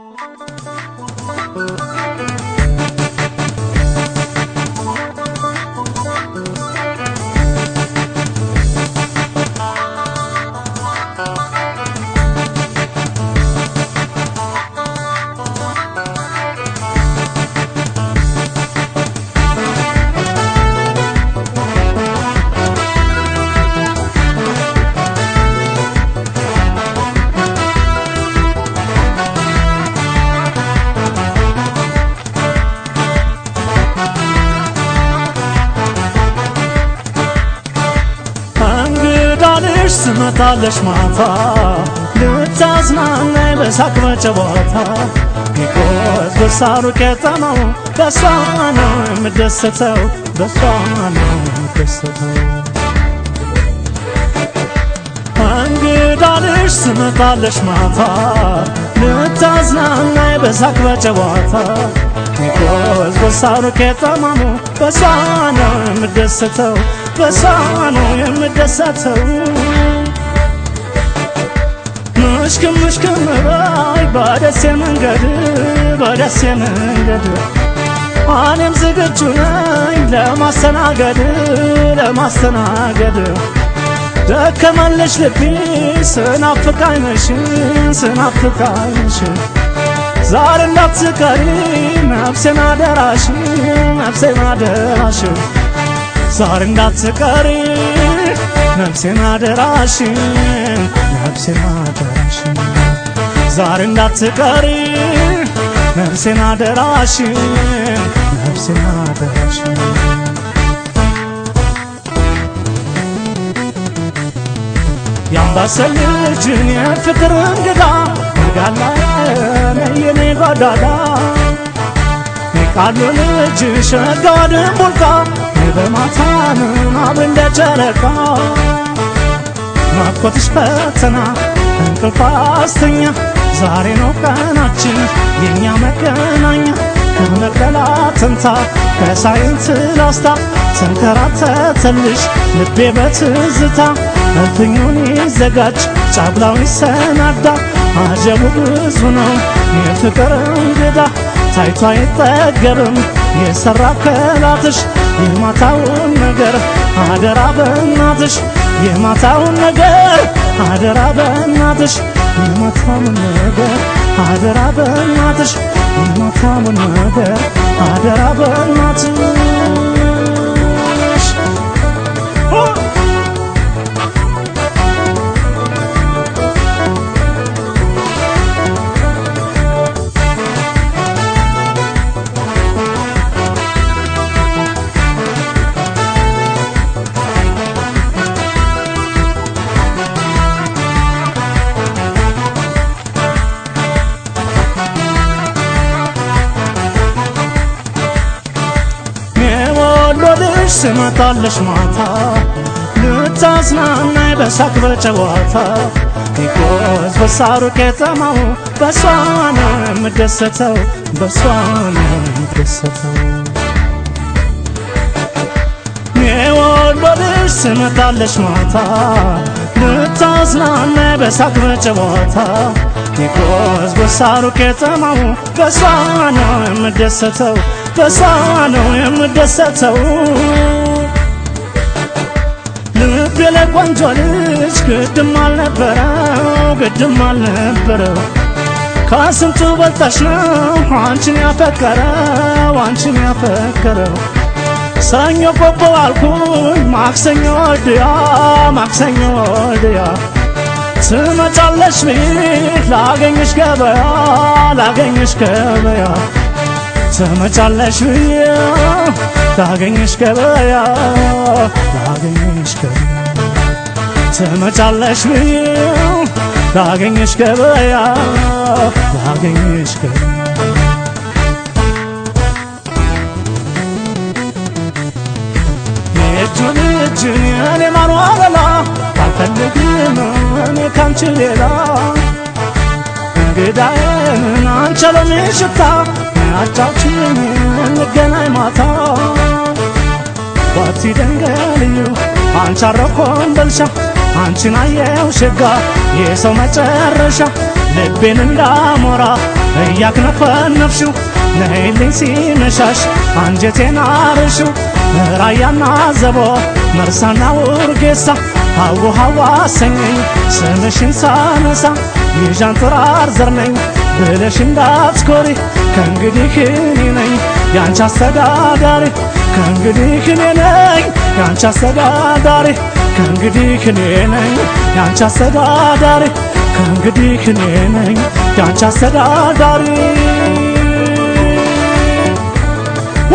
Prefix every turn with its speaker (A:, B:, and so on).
A: Thank you. ትመጣለች ማታ ልታዝናናኝ በሳቅ በጨዋታ ቂርቆስ በሳሩ ቀጠናው በሷ ነው የምደሰተው በሷ ነው የምደሰተው እንግዳ ልጅ ማታ በሳቅ በጨዋታ በሳሩ በሷ ነው የምደሰተው በሷ ነው የምደሰተው ምሽክም ምሽክም በይ በደሴ መንገድ በደሴ መንገድ እኔም ዝግጁ ነኝ ለማስተናገድ ለማስተናገድ ደከመለሽ ልቤ ስናፍቃኝ ነሽን ስናፍቃኝ ነሽን ዛሬ እንዳትቀሪ ነፍሴን አደራሽ ነፍሴን አደራሽ ዛሬ እንዳትቀሪ ነፍሴን አደራሽ ነፍሴን አደራሽ ዛሬ እንዳትቀሪ ነፍሴን አደራሽ ነፍሴን አደራሽ ያምባሰል ልጅን የፍቅር እንግዳ ጋላ የኔ ጓዳዳ ቃሉ ልጅ ሸጋድን ቦልታ በማታንም አብ እንደ ናፍቆትሽ ፈተና እንቅልፍ አስተኛ ዛሬ ነው ቀናችን የእኛ መገናኛ ከመቅደላ ተንታ ከሳይንት ላስታ ተንከራተተልሽ ልቤ በትዝታ እልፍኙን ይዘጋጅ ጫብላው ይሰናዳ አጀቡ ብዙ ነው የፍቅር እንግዳ ታይቶ አይጠገብም የሰራ ከላትሽ የማታውን ነገር አደራ በናትሽ የማታውን ነገር አደራ በእናትሽ የማታውን ነገር አደራ በእናትሽ የማታውን ነገር አደራ በእናትሽ ትመጣለሽ ማታ ልታዝናናይ በሳቅ በጨዋታ ኒቆስ በሳሩ ከተማው በሷ ነው የምደሰተው በሷ ነው የምደሰተው ኔወሎልሽ ትመጣለሽ ማታ ልታዝናናይ በሳቅ በጨዋታ ኒቆስ በሳሩ ከተማው በሷ ነው የምደሰተው በሷ ነው የምደሰተው ልቤ ላይ ቆንጆ ልጅ ግድም አልነበረው ግድም አልነበረው ከስንቱ በልጠሽ ነው አንቺን ያፈቀረው አንቺን ያፈቀረው ሰኞ ቆቦ አልኩኝ ማክሰኞ ወዲያ ማክሰኞ ወዲያ ትመጫለሽ ቤት ላገኝሽ ገበያ ላገኝሽ ገበያ ትመጫለሽ ብዬ ላገኘሽ ገበያ ላገኘሽ ገበያ ትመጫለሽ ብዬ ላገኘሽ ገበያ ላገኘሽ ገበያ የእጁን እጅን የኔ ማኗበላ አልፈልግም እኔ ካንቺ ሌላ እንግዳዬን አንቸለኔ ሽታ አቻችን እንገናኝ ማታ ባቲ ደንገልዩ አንቻረኮን በልሻ አንቺን አየው ሸጋ የሰው መጨረሻ ልቤን እንዳሞራ እያክነፈነፍሹ ነይልኝ ሲመሻሽ አንጀቴን አርሹ ራያና ዘቦ መርሳና ውርጌሳ አውሃዋ ሰኘኝ ስምሽን ሳነሳ የዣንጥራር ዘርነኝ ብለሽ እንዳትኮሪ ከእንግዲህ እኔ ነኝ ያንቺ አስተዳዳሪ ከእንግዲህ እኔ ነኝ ያንቺ አስተዳዳሪ ከእንግዲህ እኔ ነኝ ያንቺ አስተዳዳሪ ከእንግዲህ እኔ ነኝ ያንቺ አስተዳዳሪ ወ